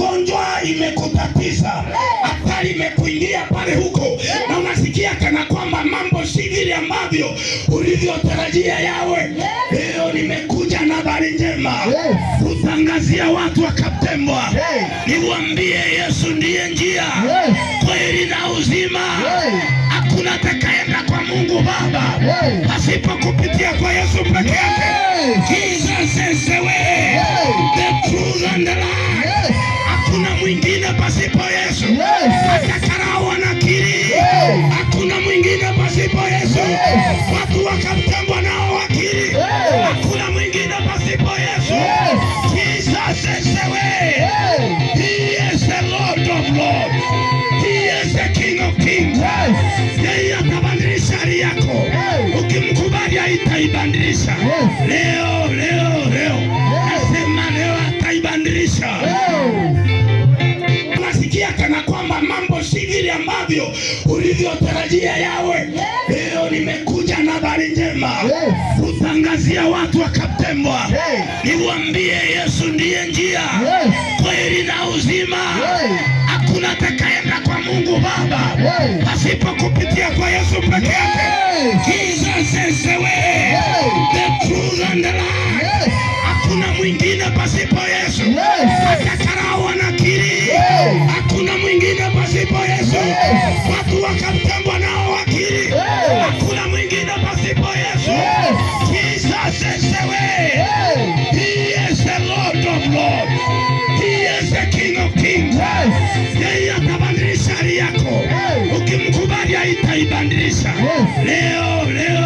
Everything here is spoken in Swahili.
magonjwa imekutatiza, hatari imekuingia pale huko, na unasikia kana kwamba mambo si vile ambavyo ulivyotarajia yawe. Leo nimekuja na habari njema kutangazia watu wa Kaptembwa, niwambie Yesu ndiye njia, kweli na uzima. Hakuna takaenda kwa Mungu Baba pasipo kupitia kwa Yesu peke yake. ataibadilisha leo, leo, leo, nasema leo ataibadilisha. Unasikia kana kwamba mambo si vile ambavyo ulivyotarajia yawe. Leo nimekuja na habari njema kutangazia watu wa Kaptembwa, niwaambie Yesu ndiye njia, kweli na uzima hakuna atakayeenda kwa Mungu Baba pasipo kupitia kwa Yesu peke yake. Jesus is the way unaendelea. Hakuna mwingine pasipo Yesu. Watakarao wanakiri hakuna mwingine pasipo Yesu. Watu wakamtambua nao wakiri hakuna mwingine pasipo Yesu. Jesus is the way. He is the Lord of Lords. He is the King of Kings. Yeye atabadilisha hali yako ukimkubali, haitaibadilisha leo leo